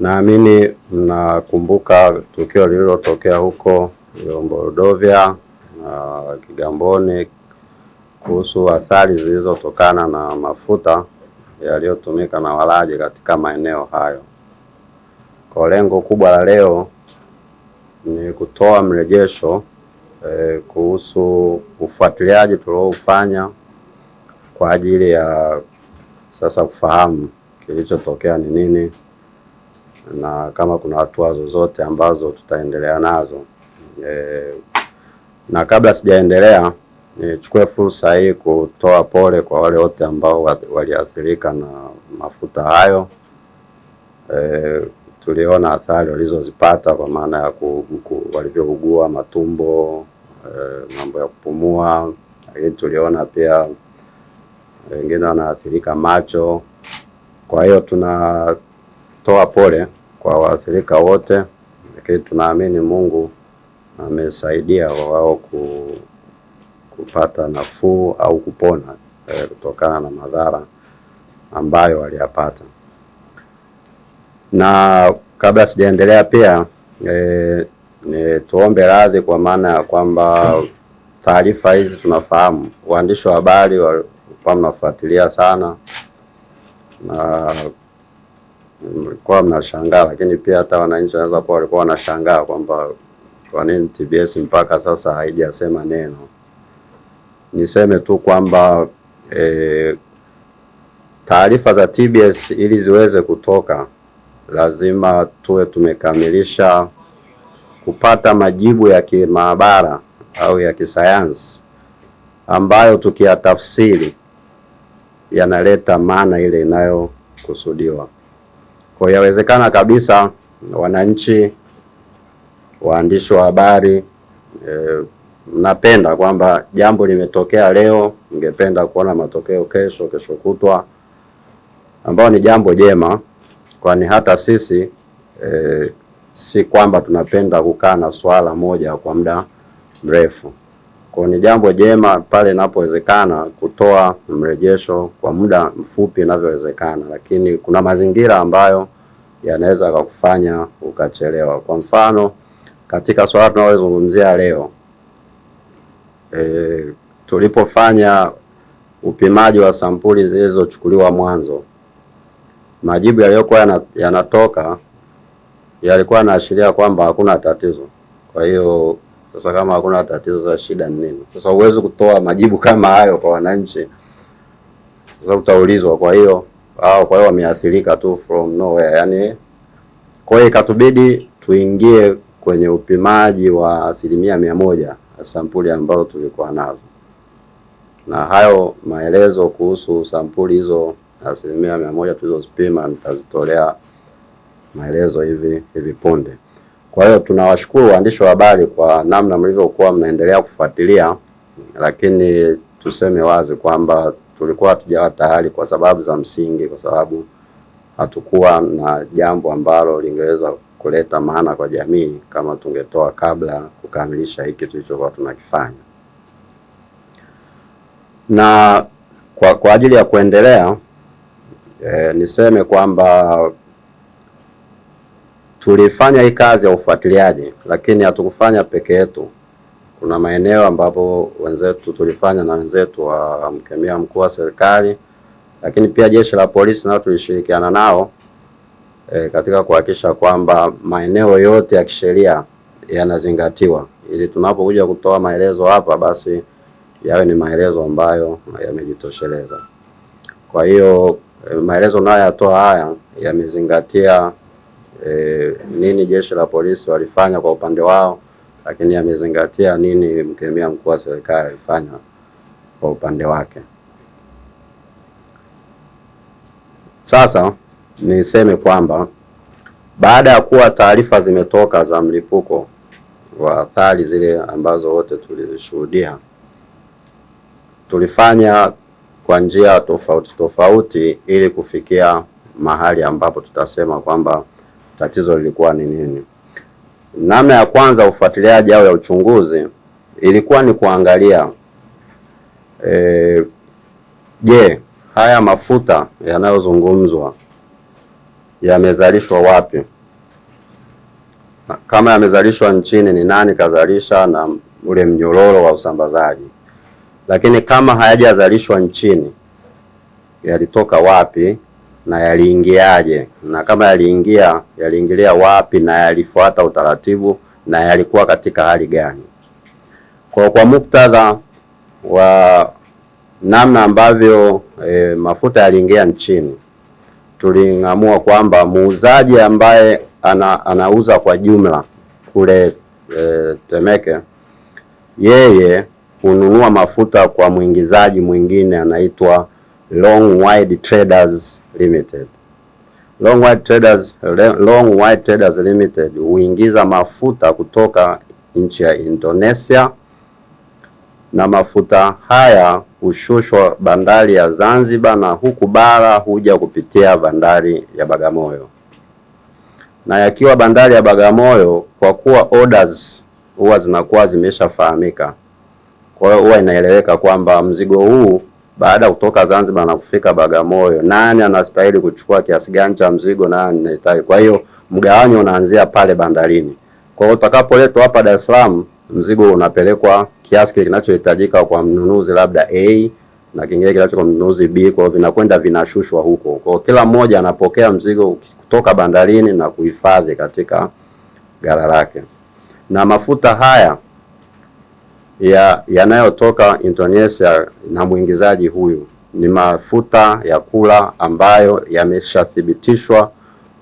Naamini mnakumbuka tukio lililotokea huko Mborodovya na Kigamboni kuhusu athari zilizotokana na mafuta yaliyotumika na walaji katika maeneo hayo. Kwa lengo kubwa la leo ni kutoa mrejesho e, kuhusu ufuatiliaji tulioufanya kwa ajili ya sasa kufahamu kilichotokea ni nini na kama kuna hatua zozote ambazo tutaendelea nazo e, na kabla sijaendelea nichukue e, fursa hii kutoa pole kwa wale wote ambao waliathirika na mafuta hayo. E, tuliona athari walizozipata kwa maana ya walivyougua matumbo, e, mambo ya kupumua, lakini tuliona pia wengine wanaathirika macho. Kwa hiyo tuna toa pole kwa waathirika wote, lakini tunaamini Mungu amesaidia wao ku, kupata nafuu au kupona eh, kutokana na madhara ambayo waliyapata. Na kabla sijaendelea pia eh, ni tuombe radhi kwa maana ya kwamba taarifa hizi tunafahamu waandishi wa habari walikuwa mnafuatilia sana na mlikuwa mnashangaa, lakini pia hata wananchi wanaweza kuwa walikuwa wanashangaa kwamba kwa nini TBS mpaka sasa haijasema neno. Niseme tu kwamba e, taarifa za TBS ili ziweze kutoka lazima tuwe tumekamilisha kupata majibu ya kimaabara au ya kisayansi ambayo tukiyatafsiri yanaleta maana ile inayokusudiwa. Kwa hiyo yawezekana kabisa wananchi, waandishi wa habari e, mnapenda kwamba jambo limetokea leo, ningependa kuona matokeo kesho, kesho kutwa, ambayo ni jambo jema, kwani hata sisi e, si kwamba tunapenda kukaa na swala moja kwa muda mrefu. Kwa ni jambo jema pale inapowezekana kutoa mrejesho kwa muda mfupi inavyowezekana, lakini kuna mazingira ambayo yanaweza kukufanya ukachelewa. Kwa mfano katika swala tunalozungumzia leo e, tulipofanya upimaji wa sampuli zilizochukuliwa mwanzo, majibu yaliyokuwa yanatoka yalikuwa yanaashiria kwamba hakuna tatizo. Kwa hiyo sasa, kama hakuna tatizo, za shida ni nini? Sasa huwezi kutoa majibu kama hayo kwa wananchi, sasa utaulizwa. Kwa hiyo au kwa hiyo wameathirika tu from nowhere yani. Kwa hiyo ikatubidi tuingie kwenye upimaji wa asilimia mia moja sampuli ambazo tulikuwa nazo, na hayo maelezo kuhusu sampuli hizo asilimia mia moja tulizozipima nitazitolea maelezo hivi hivi punde. Kwa hiyo tunawashukuru waandishi wa habari kwa namna mlivyokuwa mnaendelea kufuatilia, lakini tuseme wazi kwamba tulikuwa hatujawa tayari kwa sababu za msingi, kwa sababu hatukuwa na jambo ambalo lingeweza kuleta maana kwa jamii kama tungetoa kabla kukamilisha hiki tulichokuwa tunakifanya. Na kwa, kwa ajili ya kuendelea e, niseme kwamba tulifanya hii kazi ya ufuatiliaji, lakini hatukufanya peke yetu. Kuna maeneo ambapo wenzetu tulifanya na wenzetu wa mkemia mkuu wa serikali, lakini pia jeshi la polisi nao tulishirikiana nao e, katika kuhakikisha kwamba maeneo yote ya kisheria yanazingatiwa, ili tunapokuja kutoa maelezo hapa, basi yawe ni maelezo ambayo yamejitosheleza. Kwa hiyo e, maelezo yatoa haya yamezingatia e, nini jeshi la polisi walifanya kwa upande wao lakini amezingatia nini mkemia mkuu wa serikali alifanya kwa upande wake. Sasa niseme kwamba baada ya kuwa taarifa zimetoka za mlipuko wa athari zile ambazo wote tulizishuhudia, tulifanya kwa njia tofauti tofauti ili kufikia mahali ambapo tutasema kwamba tatizo lilikuwa ni nini. Namna ya kwanza ufuatiliaji au ya uchunguzi ilikuwa ni kuangalia e, je, haya mafuta yanayozungumzwa yamezalishwa wapi? Kama yamezalishwa nchini, ni nani kazalisha na ule mnyororo wa usambazaji. Lakini kama hayajazalishwa nchini, yalitoka wapi? na yaliingiaje, na kama yaliingia yaliingilia wapi, na yalifuata utaratibu, na yalikuwa katika hali gani. Kwa kwa muktadha wa namna ambavyo e, mafuta yaliingia nchini, tuliamua kwamba muuzaji ambaye ana, anauza kwa jumla kule e, Temeke, yeye hununua mafuta kwa mwingizaji mwingine anaitwa Long Wide Traders Limited. Long Wide Traders, Long Wide Traders Limited huingiza mafuta kutoka nchi ya Indonesia na mafuta haya hushushwa bandari ya Zanzibar na huku bara huja kupitia bandari ya Bagamoyo. Na yakiwa bandari ya Bagamoyo, kwa kuwa orders huwa zinakuwa zimeshafahamika, kwa hiyo huwa inaeleweka kwamba mzigo huu baada ya kutoka Zanzibar na kufika Bagamoyo, nani anastahili kuchukua kiasi gani cha mzigo, nani anastahili. Kwa hiyo mgawanyo unaanzia pale bandarini. Kwa hiyo utakapoletwa hapa Dar es Salaam, mzigo unapelekwa kiasi kinachohitajika kwa mnunuzi, labda A na kingine kinacho kwa mnunuzi B. Kwa hiyo vinakwenda vinashushwa huko, kwa kila mmoja anapokea mzigo kutoka bandarini na kuhifadhi katika gara lake na mafuta haya ya yanayotoka Indonesia na mwingizaji huyu ni mafuta ya kula ambayo yameshathibitishwa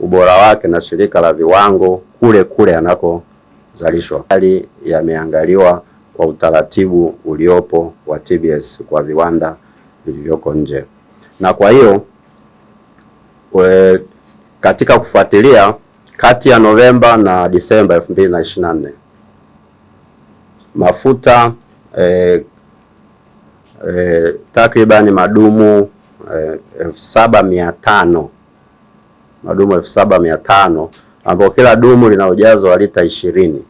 ubora wake na shirika la viwango kule kule yanakozalishwa. Hali yameangaliwa kwa utaratibu uliopo wa TBS kwa viwanda vilivyoko nje, na kwa hiyo katika kufuatilia kati ya Novemba na Disemba 2024 mafuta eh, eh, takribani madumu e, elfu saba mia tano madumu elfu saba mia tano ambapo kila dumu lina ujazo wa lita ishirini.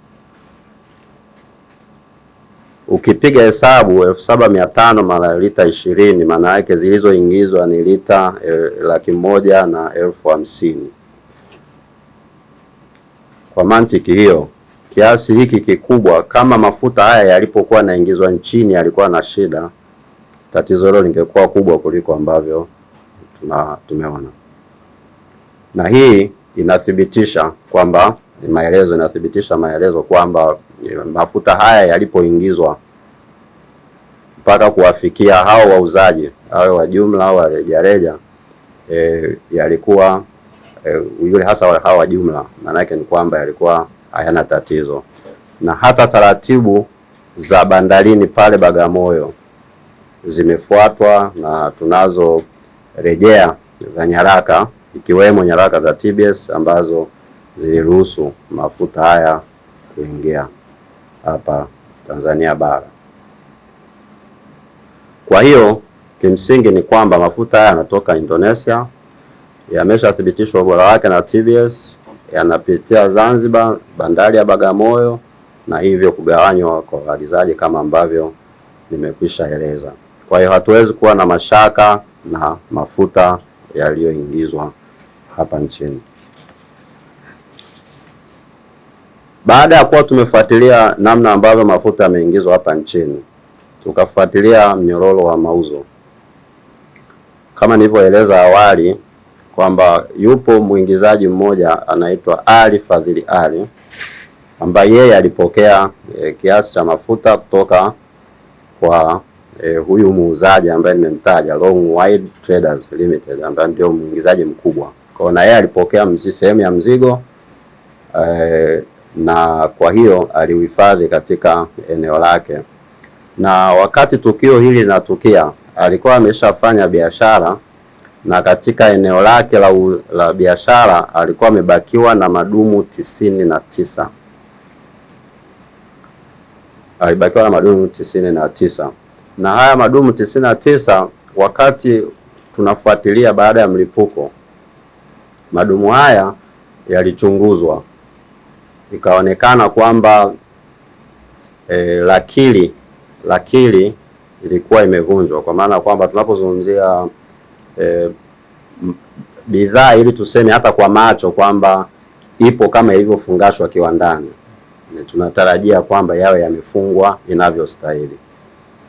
Ukipiga hesabu elfu saba mia tano mara lita ishirini, maana yake zilizoingizwa ni lita e, laki moja na elfu hamsini. Kwa mantiki hiyo kiasi hiki kikubwa, kama mafuta haya yalipokuwa yanaingizwa nchini yalikuwa na shida, tatizo hilo lingekuwa kubwa kuliko ambavyo tuna tumeona, na hii inathibitisha kwamba maelezo inathibitisha maelezo kwamba eh, mafuta haya yalipoingizwa mpaka kuwafikia hao wauzaji hao wa jumla au wa rejareja e, yalikuwa e, yule hasa hao wa jumla, maana yake ni kwamba yalikuwa hayana tatizo, na hata taratibu za bandarini pale Bagamoyo zimefuatwa na tunazo rejea za nyaraka ikiwemo nyaraka za TBS ambazo ziliruhusu mafuta haya kuingia hapa Tanzania bara. Kwa hiyo kimsingi ni kwamba mafuta haya yanatoka Indonesia, yameshathibitishwa ubora wake na TBS yanapitia Zanzibar, bandari ya Bagamoyo na hivyo kugawanywa kwa uagizaji kama ambavyo nimekwisha eleza. Kwa hiyo hatuwezi kuwa na mashaka na mafuta yaliyoingizwa hapa nchini. Baada ya kuwa tumefuatilia namna ambavyo mafuta yameingizwa hapa nchini, tukafuatilia mnyororo wa mauzo kama nilivyoeleza awali kwamba yupo mwingizaji mmoja anaitwa Ali Fadhili Ali ambaye yeye alipokea e, kiasi cha mafuta kutoka kwa e, huyu muuzaji ambaye nimemtaja Long Wide Traders Limited ambaye ndio mwingizaji mkubwa. Kwa na yeye alipokea sehemu ya mzigo e, na kwa hiyo aliuhifadhi katika eneo lake, na wakati tukio hili linatukia alikuwa ameshafanya biashara na katika eneo lake la, la biashara alikuwa amebakiwa na madumu tisini na tisa alibakiwa na madumu tisini na tisa na haya madumu tisini na tisa wakati tunafuatilia baada ya mlipuko, madumu haya yalichunguzwa, ikaonekana kwamba e, lakili lakili ilikuwa imevunjwa, kwa maana kwamba tunapozungumzia Eh, bidhaa ili tuseme hata kwa macho kwamba ipo kama ilivyofungashwa kiwandani. Tunatarajia kwamba yawe yamefungwa inavyostahili.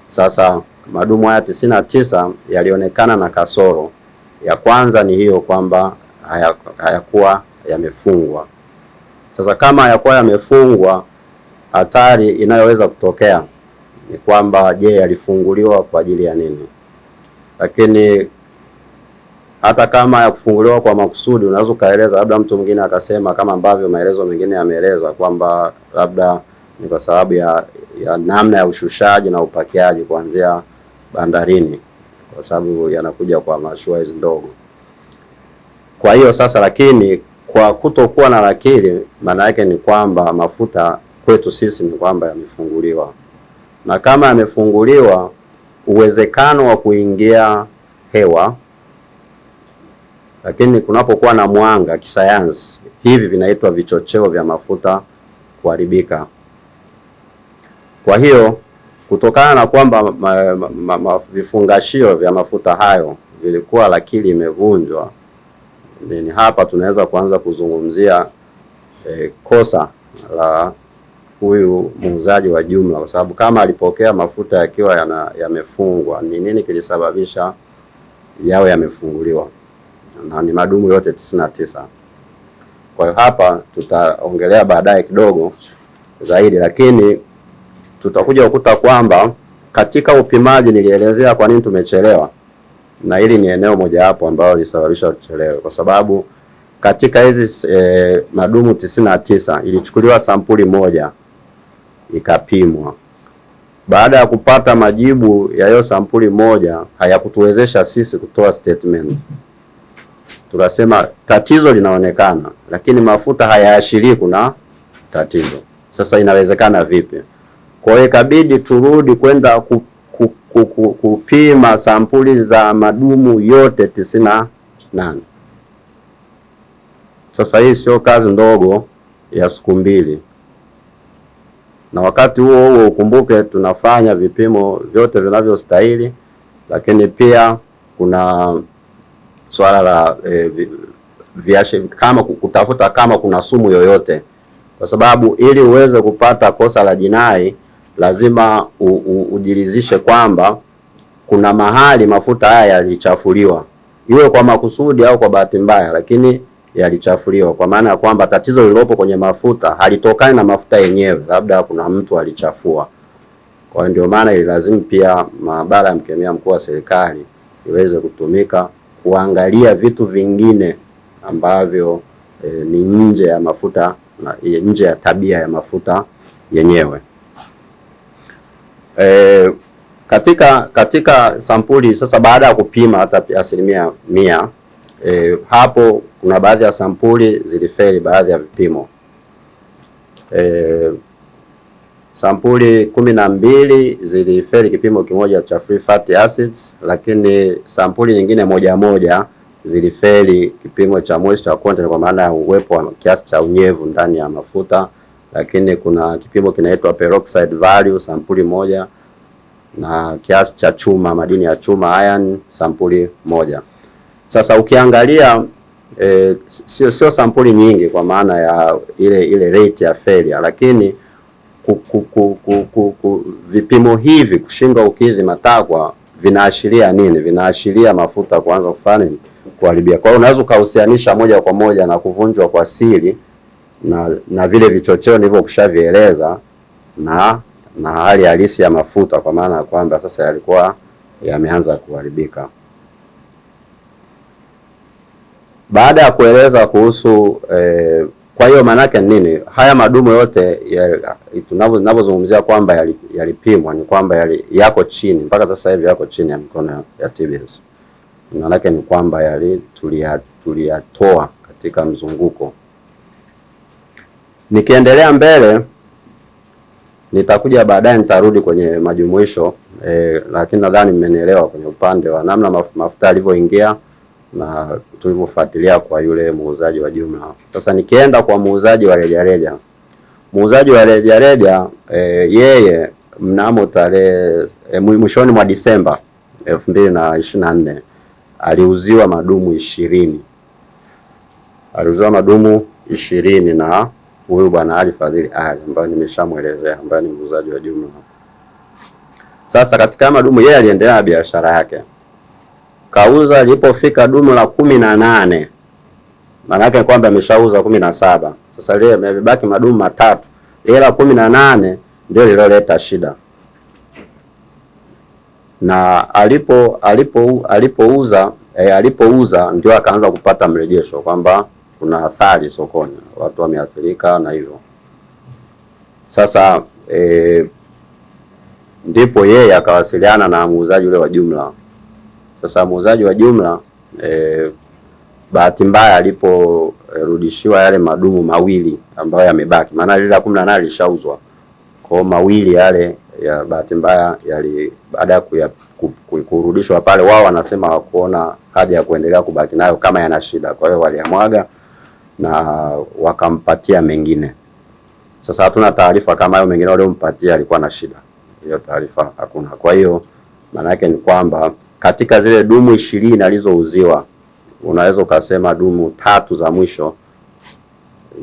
Sasa madumu haya tisini na tisa yalionekana na kasoro. Ya kwanza ni hiyo kwamba hayakuwa haya yamefungwa. Sasa kama hayakuwa yamefungwa, hatari inayoweza kutokea ni kwamba je, yalifunguliwa kwa ajili ya nini? Lakini hata kama ya kufunguliwa kwa makusudi unaweza ukaeleza, labda mtu mwingine akasema kama ambavyo maelezo mengine yameeleza kwamba labda ni kwa sababu ya, ya namna ya ushushaji na upakiaji kuanzia bandarini, kwa sababu yanakuja kwa mashua hizi ndogo. Kwa hiyo sasa, lakini kwa kutokuwa na nakili, maana yake ni kwamba mafuta kwetu sisi ni kwamba yamefunguliwa, na kama yamefunguliwa, uwezekano wa kuingia hewa lakini kunapokuwa na mwanga kisayansi, hivi vinaitwa vichocheo vya mafuta kuharibika. Kwa hiyo kutokana na kwamba ma, ma, ma, ma, vifungashio vya mafuta hayo vilikuwa lakili imevunjwa, ni hapa tunaweza kuanza kuzungumzia e, kosa la huyu muuzaji wa jumla, kwa sababu kama alipokea mafuta yakiwa yamefungwa, ni nini kilisababisha yawe yamefunguliwa? na ni madumu yote tisini na tisa. Kwa hiyo hapa tutaongelea baadaye kidogo zaidi, lakini tutakuja kukuta kwamba katika upimaji nilielezea kwa nini tumechelewa, na hili ni eneo mojawapo ambalo lilisababisha tuchelewe, kwa sababu katika hizi e, madumu tisini na tisa ilichukuliwa sampuli moja ikapimwa. Baada ya kupata majibu ya hiyo sampuli moja, hayakutuwezesha sisi kutoa statement tunasema tatizo linaonekana, lakini mafuta hayaashirii kuna tatizo. Sasa inawezekana vipi? Kwa hiyo ikabidi turudi kwenda ku, ku, ku, ku, kupima sampuli za madumu yote tisini na nane. Sasa hii sio kazi ndogo ya siku mbili, na wakati huo huo ukumbuke tunafanya vipimo vyote vinavyostahili, lakini pia kuna swala la eh, viashe kama kutafuta kama kuna sumu yoyote, kwa sababu ili uweze kupata kosa la jinai lazima ujiridhishe kwamba kuna mahali mafuta haya yalichafuliwa, iwe kwa makusudi au kwa bahati mbaya, lakini yalichafuliwa kwa maana ya kwamba tatizo lililopo kwenye mafuta halitokani na mafuta yenyewe, labda kuna mtu alichafua. Kwa hiyo ndio maana ililazimu pia maabara ya mkemia mkuu wa serikali iweze kutumika kuangalia vitu vingine ambavyo e, ni nje ya mafuta nje ya tabia ya mafuta yenyewe. E, katika katika sampuli sasa, baada ya kupima hata asilimia mia e, hapo kuna baadhi ya sampuli zilifeli baadhi ya vipimo e, Sampuli kumi na mbili zilifeli kipimo kimoja cha free fatty acids, lakini sampuli nyingine moja moja zilifeli kipimo cha moisture content, kwa maana ya uwepo wa kiasi cha unyevu ndani ya mafuta. Lakini kuna kipimo kinaitwa peroxide value sampuli moja na kiasi cha chuma, madini ya chuma iron, sampuli moja. Sasa ukiangalia eh, sio sio sampuli nyingi kwa maana ya ile ile rate ya failure, lakini ku, ku, ku, ku, ku, ku, vipimo hivi kushindwa ukidhi matakwa vinaashiria nini? Vinaashiria mafuta kuanza kufanya kuharibia. Kwa hiyo unaweza ukahusianisha moja kwa moja na kuvunjwa kwa siri na, na vile vichocheo nilivyo kushavieleza na na hali halisi ya mafuta kwa maana ya kwamba sasa yalikuwa yameanza kuharibika. Baada ya kueleza kuhusu eh, kwa hiyo yake nini? Haya madumu yote tunavyozungumzia kwamba yalipimwa ni kwamba yali, yako chini mpaka sasa hivi yako chini ya mikono ya TBS. Maanake ni kwamba yali tuliyatoa katika mzunguko. Nikiendelea mbele nitakuja baadaye, nitarudi kwenye majumuisho eh, lakini nadhani mmenielewa kwenye upande wa namna mafuta yalivyoingia na tulivyofuatilia kwa yule muuzaji wa jumla. Sasa nikienda kwa muuzaji wa rejareja, muuzaji wa rejareja e, yeye mnamo tarehe e, mwishoni mwa Disemba elfu mbili na ishirini na nne aliuziwa madumu ishirini aliuziwa madumu ishirini na huyu bwana Ali Fadhili Ali ambaye nimeshamwelezea ambaye ni muuzaji wa jumla. Sasa katika madumu yeye aliendelea na biashara yake kauza lilipofika dumu la kumi na nane maana yake kwamba ameshauza kumi na saba sasa lile amebaki madumu matatu, lile la kumi na nane ndio lililoleta shida na alipo alipo alipouza e, alipouza ndio akaanza kupata mrejesho kwamba kuna athari sokoni, watu wameathirika na hivyo sasa E, ndipo yeye akawasiliana na muuzaji ule wa jumla sasa muuzaji wa jumla e, bahati mbaya aliporudishiwa yale madumu mawili ambayo yamebaki, maana lile la kumi na nane lishauzwa. Kwa mawili yale ya bahati mbaya yali baada ya kurudishwa pale, wao wanasema hawakuona haja ya kuendelea kubaki nayo kama yana shida, kwa hiyo waliamwaga na wakampatia mengine. Sasa hatuna taarifa kama hayo mengine waliompatia alikuwa na shida, hiyo taarifa hakuna. Kwa hiyo maana yake ni kwamba katika zile dumu ishirini alizouziwa, unaweza ukasema dumu tatu za mwisho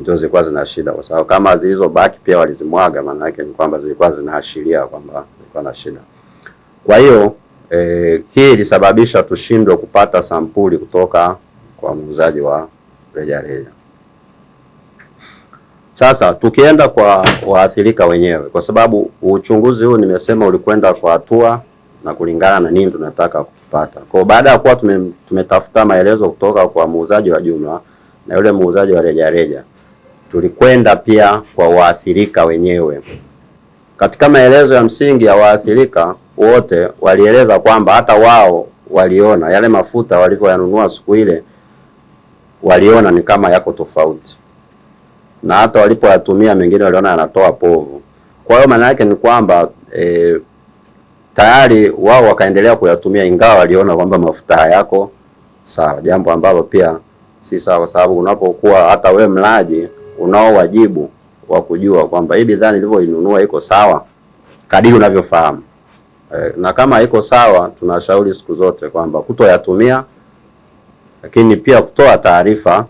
ndio zilikuwa zina shida, kwa sababu kama zilizobaki pia walizimwaga, maana yake ni kwamba zilikuwa zinaashiria kwamba zilikuwa na shida. Kwa hiyo eh, hii ilisababisha tushindwe kupata sampuli kutoka kwa muuzaji wa rejareja. Sasa tukienda kwa waathirika wenyewe, kwa sababu uchunguzi huu nimesema ulikwenda kwa hatua na kulingana na nini tunataka kupata. Kwa baada ya kuwa tumetafuta maelezo kutoka kwa muuzaji wa jumla na yule muuzaji wa rejareja, tulikwenda pia kwa waathirika wenyewe. Katika maelezo ya msingi ya waathirika wote walieleza kwamba hata wao waliona yale mafuta walivyoyanunua siku ile, waliona ni kama yako tofauti, na hata walipoyatumia mengine waliona yanatoa povu. Kwa hiyo maana yake ni kwamba e, tayari wao wakaendelea kuyatumia, ingawa waliona kwamba mafuta hayako sawa, jambo ambalo pia si sawa, kwa sababu unapokuwa hata we mlaji unao wajibu wa kujua kwamba hii bidhaa nilivyoinunua iko sawa kadiri unavyofahamu e, na kama iko sawa, tunashauri siku zote kwamba kutoyatumia, lakini pia kutoa taarifa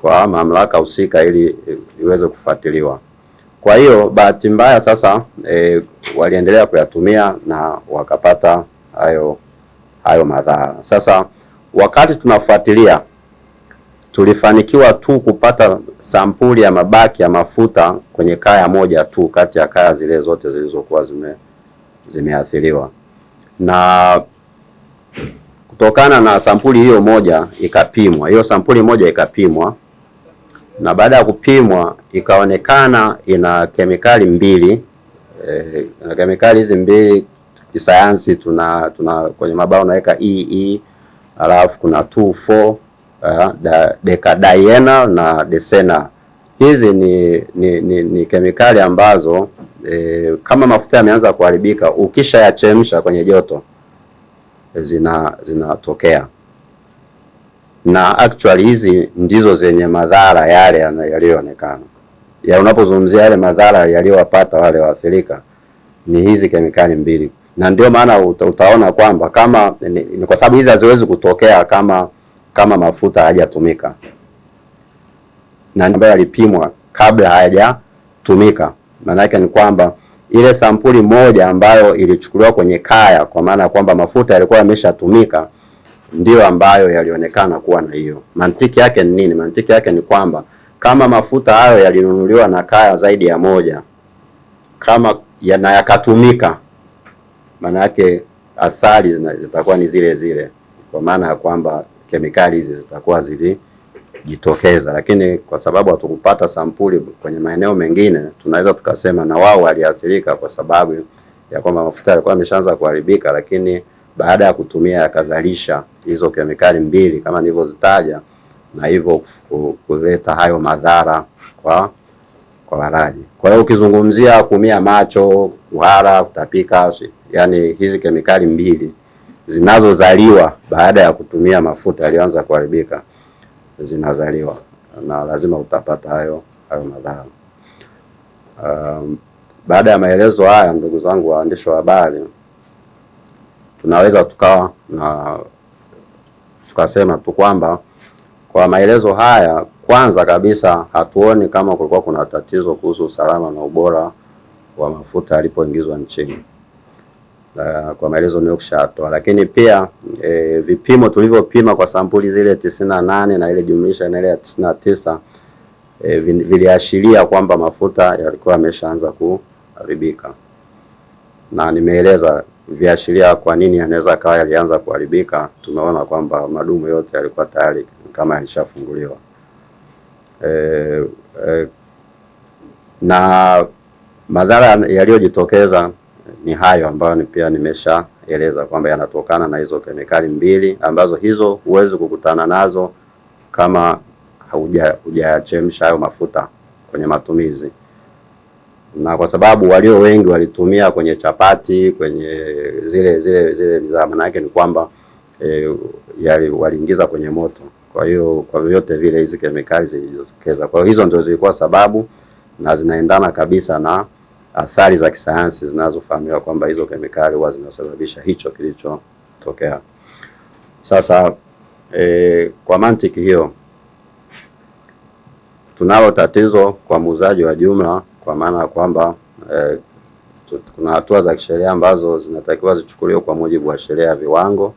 kwa mamlaka husika ili iweze kufuatiliwa. Kwa hiyo bahati mbaya sasa e, waliendelea kuyatumia na wakapata hayo hayo madhara. Sasa wakati tunafuatilia, tulifanikiwa tu kupata sampuli ya mabaki ya mafuta kwenye kaya moja tu kati ya kaya zile zote zilizokuwa zime zimeathiriwa na kutokana na sampuli hiyo moja ikapimwa, hiyo sampuli moja ikapimwa na baada ya kupimwa ikaonekana ina kemikali mbili e, eh, na kemikali hizi mbili kisayansi tuna, tuna kwenye mabao unaweka EE alafu kuna 2,4 uh, eh, decadiena na decenal. Hizi ni, ni, ni, ni kemikali ambazo e, kama mafuta yameanza kuharibika ukishayachemsha kwenye joto zina zinatokea na actually hizi ndizo zenye madhara yale yaliyoonekana ya unapozungumzia yale madhara yaliyowapata wale waathirika ni hizi kemikali mbili, na ndio maana uta, utaona kwamba kama ni, ni kwa sababu hizi haziwezi kutokea kama kama mafuta hayajatumika na ambayo yalipimwa kabla hayajatumika. Maana yake ni kwamba ile sampuli moja ambayo ilichukuliwa kwenye kaya, kwa maana ya kwamba mafuta yalikuwa yameshatumika ndiyo ambayo yalionekana kuwa na hiyo. Mantiki yake ni nini? Mantiki yake ni kwamba kama mafuta hayo yalinunuliwa na kaya zaidi ya moja kama ya na yakatumika, maana yake athari zitakuwa ni zile zile, kwa maana ya kwamba kemikali hizi zitakuwa zilijitokeza. Lakini kwa sababu hatukupata sampuli kwenye maeneo mengine, tunaweza tukasema na wao waliathirika kwa sababu ya kwamba mafuta yalikuwa yameshaanza kuharibika, lakini baada ya kutumia yakazalisha hizo kemikali mbili kama nilivyozitaja, na hivyo kuleta hayo madhara kwa kwa walaji. Kwa hiyo ukizungumzia kuumia macho, kuhara, kutapika, yani hizi kemikali mbili zinazozaliwa baada ya kutumia mafuta yaliyoanza kuharibika zinazaliwa na lazima utapata hayo hayo madhara. Um, baada ya maelezo haya ndugu zangu waandishi wa habari tunaweza tukawa na tukasema tu kwamba kwa maelezo haya, kwanza kabisa hatuoni kama kulikuwa kuna tatizo kuhusu usalama na ubora wa mafuta yalipoingizwa nchini na kwa maelezo niliyokushatoa, lakini pia e, vipimo tulivyopima kwa sampuli zile tisini na nane na ile jumlisha na ile ya tisini na tisa e, viliashiria kwamba mafuta yalikuwa yameshaanza kuharibika na nimeeleza viashiria kwa nini anaweza akawa yalianza kuharibika. Tumeona kwamba madumu yote yalikuwa tayari kama yalishafunguliwa e, e, na madhara yaliyojitokeza ni hayo ambayo ni pia nimeshaeleza kwamba yanatokana na hizo kemikali mbili ambazo hizo huwezi kukutana nazo kama hujayachemsha hayo mafuta kwenye matumizi na kwa sababu walio wengi walitumia kwenye chapati kwenye zile zile zile bidhaa, maana yake ni kwamba e, waliingiza kwenye moto. Kwa hiyo kwa vyote vile hizi kemikali zilijitokeza. Kwa hiyo hizo ndio zilikuwa sababu na zinaendana kabisa na athari za kisayansi zinazofahamika kwamba hizo kemikali huwa zinasababisha hicho kilichotokea. Sasa e, kwa mantiki hiyo tunalo tatizo kwa muuzaji wa jumla kwa maana ya kwamba eh, kuna hatua za kisheria ambazo zinatakiwa zichukuliwe kwa mujibu wa sheria ya viwango.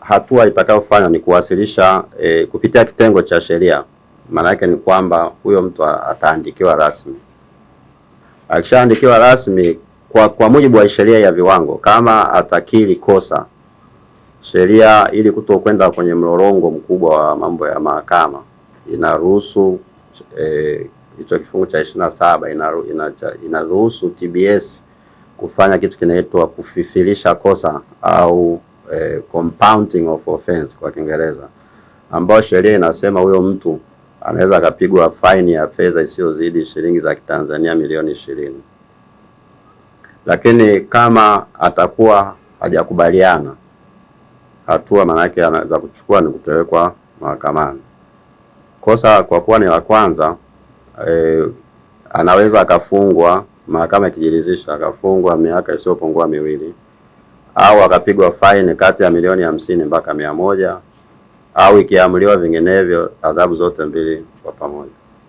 Hatua itakayofanywa ni kuwasilisha eh, kupitia kitengo cha sheria. Maana yake ni kwamba huyo mtu ataandikiwa rasmi. Akishaandikiwa rasmi kwa, kwa mujibu wa sheria ya viwango, kama atakiri kosa sheria ili kutokwenda kwenye mlolongo mkubwa wa mambo ya mahakama inaruhusu e, hicho kifungu cha ishirini na saba inaruhusu TBS kufanya kitu kinaitwa kufifilisha kosa au eh, compounding of offense kwa Kiingereza, ambayo sheria inasema huyo mtu anaweza akapigwa faini ya fedha isiyozidi shilingi za Kitanzania milioni ishirini, lakini kama atakuwa hajakubaliana hatua maanake za kuchukua ni kupelekwa mahakamani. Kosa kwa kuwa ni la kwanza eh, anaweza akafungwa, mahakama ikijiridhisha, akafungwa miaka isiyopungua miwili au akapigwa faini kati ya milioni hamsini mpaka mia moja au ikiamuliwa vinginevyo, adhabu zote mbili kwa pamoja.